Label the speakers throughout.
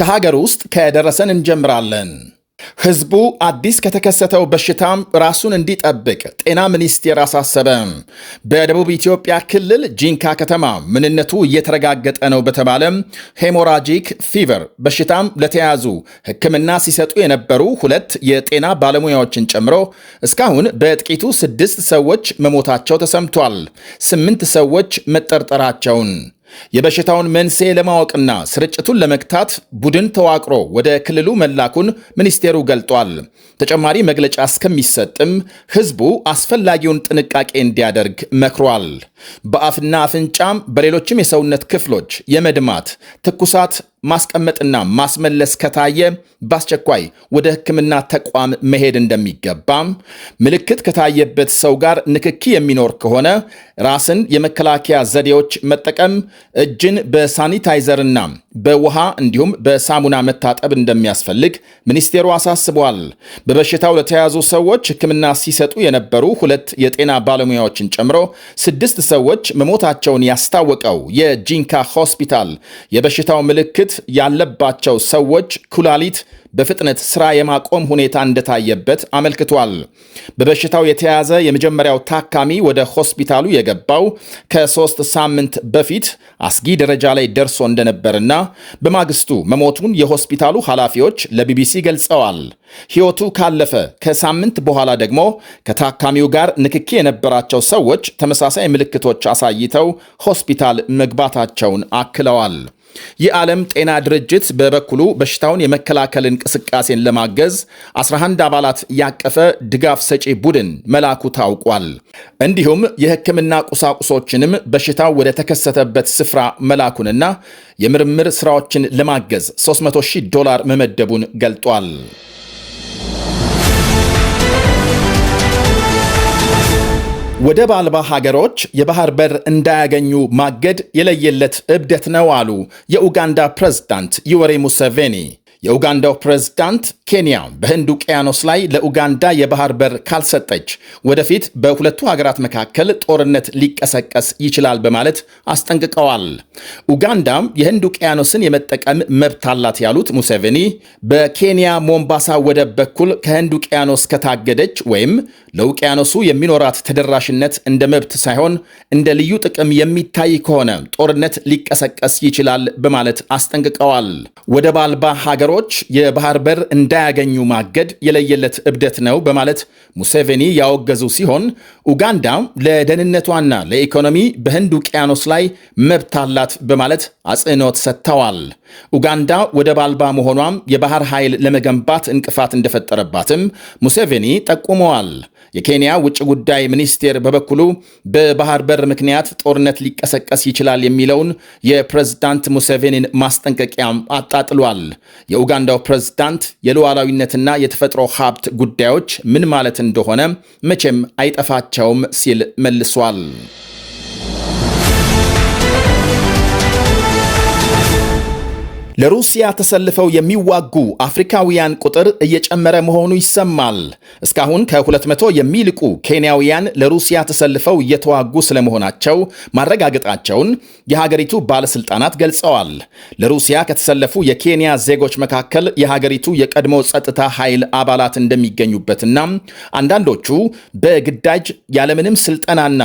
Speaker 1: ከሀገር ውስጥ ከደረሰን እንጀምራለን። ህዝቡ አዲስ ከተከሰተው በሽታም ራሱን እንዲጠብቅ ጤና ሚኒስቴር አሳሰበ። በደቡብ ኢትዮጵያ ክልል ጂንካ ከተማ ምንነቱ እየተረጋገጠ ነው በተባለም ሄሞራጂክ ፊቨር በሽታም ለተያዙ ሕክምና ሲሰጡ የነበሩ ሁለት የጤና ባለሙያዎችን ጨምሮ እስካሁን በጥቂቱ ስድስት ሰዎች መሞታቸው ተሰምቷል። ስምንት ሰዎች መጠርጠራቸውን የበሽታውን መንስኤ ለማወቅና ስርጭቱን ለመግታት ቡድን ተዋቅሮ ወደ ክልሉ መላኩን ሚኒስቴሩ ገልጧል። ተጨማሪ መግለጫ እስከሚሰጥም ሕዝቡ አስፈላጊውን ጥንቃቄ እንዲያደርግ መክሯል። በአፍና አፍንጫም በሌሎችም የሰውነት ክፍሎች የመድማት ትኩሳት፣ ማስቀመጥና ማስመለስ ከታየ በአስቸኳይ ወደ ሕክምና ተቋም መሄድ እንደሚገባም፣ ምልክት ከታየበት ሰው ጋር ንክኪ የሚኖር ከሆነ ራስን የመከላከያ ዘዴዎች መጠቀም፣ እጅን በሳኒታይዘርና በውሃ እንዲሁም በሳሙና መታጠብ እንደሚያስፈልግ ሚኒስቴሩ አሳስበዋል። በበሽታው ለተያዙ ሰዎች ሕክምና ሲሰጡ የነበሩ ሁለት የጤና ባለሙያዎችን ጨምሮ ስድስት ሰዎች መሞታቸውን ያስታወቀው የጂንካ ሆስፒታል የበሽታው ምልክት ያለባቸው ሰዎች ኩላሊት በፍጥነት ስራ የማቆም ሁኔታ እንደታየበት አመልክቷል። በበሽታው የተያዘ የመጀመሪያው ታካሚ ወደ ሆስፒታሉ የገባው ከሶስት ሳምንት በፊት አስጊ ደረጃ ላይ ደርሶ እንደነበርና በማግስቱ መሞቱን የሆስፒታሉ ኃላፊዎች ለቢቢሲ ገልጸዋል። ሕይወቱ ካለፈ ከሳምንት በኋላ ደግሞ ከታካሚው ጋር ንክኪ የነበራቸው ሰዎች ተመሳሳይ ምልክቶች አሳይተው ሆስፒታል መግባታቸውን አክለዋል። የዓለም ጤና ድርጅት በበኩሉ በሽታውን የመከላከል እንቅስቃሴን ለማገዝ 11 አባላት ያቀፈ ድጋፍ ሰጪ ቡድን መላኩ ታውቋል። እንዲሁም የሕክምና ቁሳቁሶችንም በሽታው ወደ ተከሰተበት ስፍራ መላኩንና የምርምር ስራዎችን ለማገዝ 300 ሺህ ዶላር መመደቡን ገልጧል። ወደብ አልባ ሀገሮች የባህር በር እንዳያገኙ ማገድ የለየለት እብደት ነው አሉ የኡጋንዳ ፕሬዝዳንት ዩወሬ ሙሴቬኒ። የኡጋንዳው ፕሬዝዳንት ኬንያ በህንድ ውቅያኖስ ላይ ለኡጋንዳ የባህር በር ካልሰጠች ወደፊት በሁለቱ ሀገራት መካከል ጦርነት ሊቀሰቀስ ይችላል በማለት አስጠንቅቀዋል። ኡጋንዳም የህንድ ውቅያኖስን የመጠቀም መብት አላት ያሉት ሙሴቬኒ በኬንያ ሞምባሳ ወደብ በኩል ከህንድ ውቅያኖስ ከታገደች ወይም ለውቅያኖሱ የሚኖራት ተደራሽነት እንደ መብት ሳይሆን እንደ ልዩ ጥቅም የሚታይ ከሆነ ጦርነት ሊቀሰቀስ ይችላል በማለት አስጠንቅቀዋል። ወደብ አልባ ሀገሮች የባህር በር እንዳያገኙ ማገድ የለየለት እብደት ነው በማለት ሙሴቬኒ ያወገዙ ሲሆን ኡጋንዳ ለደህንነቷና ለኢኮኖሚ በህንድ ውቅያኖስ ላይ መብት አላት በማለት አጽንዖት ሰጥተዋል። ኡጋንዳ ወደብ አልባ መሆኗም የባህር ኃይል ለመገንባት እንቅፋት እንደፈጠረባትም ሙሴቬኒ ጠቁመዋል። የኬንያ ውጭ ጉዳይ ሚኒስቴር በበኩሉ በባህር በር ምክንያት ጦርነት ሊቀሰቀስ ይችላል የሚለውን የፕሬዝዳንት ሙሴቬኒን ማስጠንቀቂያም አጣጥሏል። የኡጋንዳው ፕሬዝዳንት የሉዓላዊነትና የተፈጥሮ ሀብት ጉዳዮች ምን ማለት እንደሆነ መቼም አይጠፋቸውም ሲል መልሷል። ለሩሲያ ተሰልፈው የሚዋጉ አፍሪካውያን ቁጥር እየጨመረ መሆኑ ይሰማል። እስካሁን ከ200 የሚልቁ ኬንያውያን ለሩሲያ ተሰልፈው እየተዋጉ ስለመሆናቸው ማረጋገጣቸውን የሀገሪቱ ባለስልጣናት ገልጸዋል። ለሩሲያ ከተሰለፉ የኬንያ ዜጎች መካከል የሀገሪቱ የቀድሞ ጸጥታ ኃይል አባላት እንደሚገኙበትና አንዳንዶቹ በግዳጅ ያለምንም ስልጠናና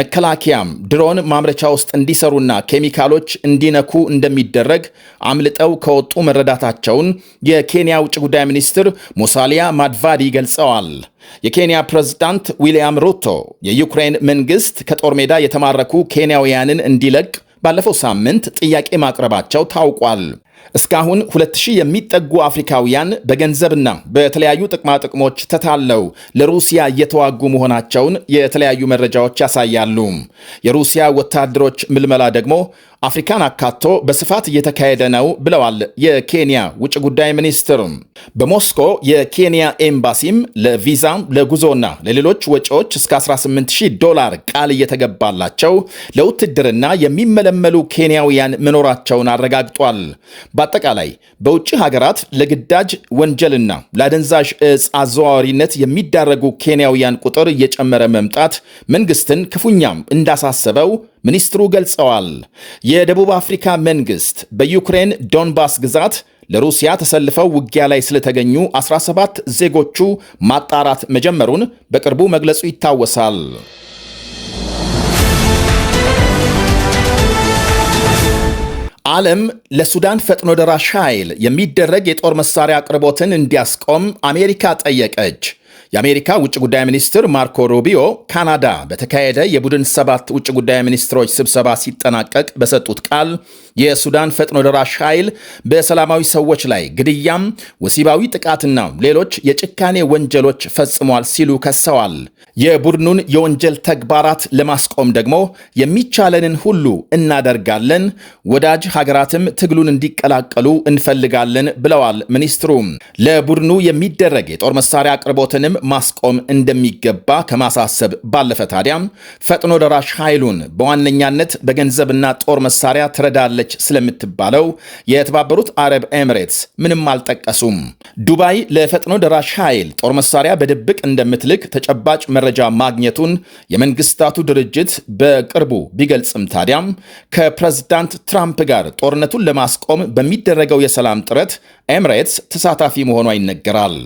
Speaker 1: መከላከያም ድሮን ማምረቻ ውስጥ እንዲሰሩና ኬሚካሎች እንዲነኩ እንደሚደረግ አምል አምልጠው ከወጡ መረዳታቸውን የኬንያ ውጭ ጉዳይ ሚኒስትር ሙሳሊያ ማድቫዲ ገልጸዋል። የኬንያ ፕሬዝዳንት ዊልያም ሩቶ የዩክሬን መንግስት ከጦር ሜዳ የተማረኩ ኬንያውያንን እንዲለቅ ባለፈው ሳምንት ጥያቄ ማቅረባቸው ታውቋል። እስካሁን 2000 የሚጠጉ አፍሪካውያን በገንዘብና በተለያዩ ጥቅማጥቅሞች ተታለው ለሩሲያ እየተዋጉ መሆናቸውን የተለያዩ መረጃዎች ያሳያሉ። የሩሲያ ወታደሮች ምልመላ ደግሞ አፍሪካን አካቶ በስፋት እየተካሄደ ነው ብለዋል የኬንያ ውጭ ጉዳይ ሚኒስትር። በሞስኮ የኬንያ ኤምባሲም ለቪዛ ለጉዞና ለሌሎች ወጪዎች እስከ 180 ዶላር ቃል እየተገባላቸው ለውትድርና የሚመለመሉ ኬንያውያን መኖራቸውን አረጋግጧል። በአጠቃላይ በውጭ ሀገራት ለግዳጅ ወንጀልና ለአደንዛዥ እጽ አዘዋዋሪነት የሚዳረጉ ኬንያውያን ቁጥር እየጨመረ መምጣት መንግስትን ክፉኛም እንዳሳሰበው ሚኒስትሩ ገልጸዋል። የደቡብ አፍሪካ መንግስት በዩክሬን ዶንባስ ግዛት ለሩሲያ ተሰልፈው ውጊያ ላይ ስለተገኙ 17 ዜጎቹ ማጣራት መጀመሩን በቅርቡ መግለጹ ይታወሳል። ዓለም ለሱዳን ፈጥኖ ደራሽ ኃይል የሚደረግ የጦር መሳሪያ አቅርቦትን እንዲያስቆም አሜሪካ ጠየቀች። የአሜሪካ ውጭ ጉዳይ ሚኒስትር ማርኮ ሩቢዮ ካናዳ በተካሄደ የቡድን ሰባት ውጭ ጉዳይ ሚኒስትሮች ስብሰባ ሲጠናቀቅ በሰጡት ቃል የሱዳን ፈጥኖ ደራሽ ኃይል በሰላማዊ ሰዎች ላይ ግድያም፣ ወሲባዊ ጥቃትና ሌሎች የጭካኔ ወንጀሎች ፈጽሟል ሲሉ ከሰዋል። የቡድኑን የወንጀል ተግባራት ለማስቆም ደግሞ የሚቻለንን ሁሉ እናደርጋለን፣ ወዳጅ ሀገራትም ትግሉን እንዲቀላቀሉ እንፈልጋለን ብለዋል። ሚኒስትሩ ለቡድኑ የሚደረግ የጦር መሳሪያ አቅርቦትንም ማስቆም እንደሚገባ ከማሳሰብ ባለፈ ታዲያም ፈጥኖ ደራሽ ኃይሉን በዋነኛነት በገንዘብና ጦር መሳሪያ ትረዳለች ስለምትባለው የተባበሩት አረብ ኤምሬትስ ምንም አልጠቀሱም። ዱባይ ለፈጥኖ ደራሽ ኃይል ጦር መሳሪያ በድብቅ እንደምትልክ ተጨባጭ መረጃ ማግኘቱን የመንግስታቱ ድርጅት በቅርቡ ቢገልጽም ታዲያም ከፕሬዝዳንት ትራምፕ ጋር ጦርነቱን ለማስቆም በሚደረገው የሰላም ጥረት ኤምሬትስ ተሳታፊ መሆኗ ይነገራል።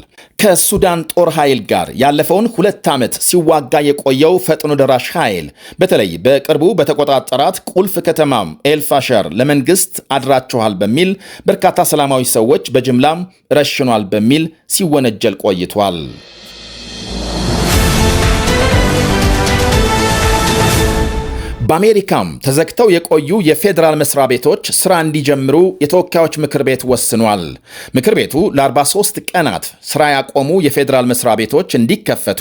Speaker 1: ከሱዳን ጦር ኃይል ኃይል ጋር ያለፈውን ሁለት ዓመት ሲዋጋ የቆየው ፈጥኖ ደራሽ ኃይል በተለይ በቅርቡ በተቆጣጠራት ቁልፍ ከተማም ኤልፋሸር ለመንግስት አድራችኋል በሚል በርካታ ሰላማዊ ሰዎች በጅምላም ረሽኗል በሚል ሲወነጀል ቆይቷል። በአሜሪካም ተዘግተው የቆዩ የፌዴራል መስሪያ ቤቶች ስራ እንዲጀምሩ የተወካዮች ምክር ቤት ወስኗል። ምክር ቤቱ ለ43 ቀናት ስራ ያቆሙ የፌዴራል መስሪያ ቤቶች እንዲከፈቱ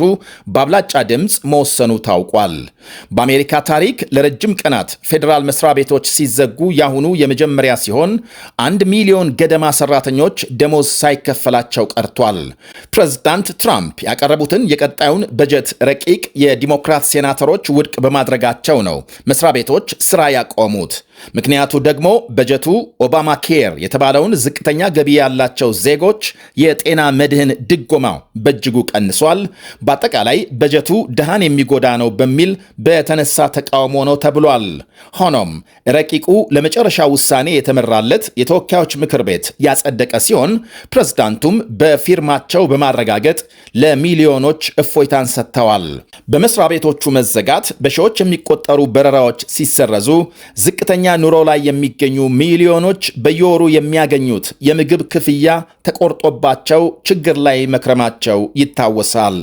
Speaker 1: በአብላጫ ድምፅ መወሰኑ ታውቋል። በአሜሪካ ታሪክ ለረጅም ቀናት ፌዴራል መስሪያ ቤቶች ሲዘጉ ያሁኑ የመጀመሪያ ሲሆን አንድ ሚሊዮን ገደማ ሰራተኞች ደሞዝ ሳይከፈላቸው ቀርቷል። ፕሬዝዳንት ትራምፕ ያቀረቡትን የቀጣዩን በጀት ረቂቅ የዲሞክራት ሴናተሮች ውድቅ በማድረጋቸው ነው መስሪያ ቤቶች ስራ ያቆሙት ምክንያቱ ደግሞ በጀቱ ኦባማ ኬር የተባለውን ዝቅተኛ ገቢ ያላቸው ዜጎች የጤና መድህን ድጎማው በእጅጉ ቀንሷል፣ በአጠቃላይ በጀቱ ድሃን የሚጎዳ ነው በሚል በተነሳ ተቃውሞ ነው ተብሏል። ሆኖም ረቂቁ ለመጨረሻ ውሳኔ የተመራለት የተወካዮች ምክር ቤት ያጸደቀ ሲሆን ፕሬዝዳንቱም በፊርማቸው በማረጋገጥ ለሚሊዮኖች እፎይታን ሰጥተዋል። በመስሪያ ቤቶቹ መዘጋት በሺዎች የሚቆጠሩ በረራዎች ሲሰረዙ ዝቅተኛ ኑሮ ላይ የሚገኙ ሚሊዮኖች በየወሩ የሚያገኙት የምግብ ክፍያ ተቆርጦባቸው ችግር ላይ መክረማቸው ይታወሳል።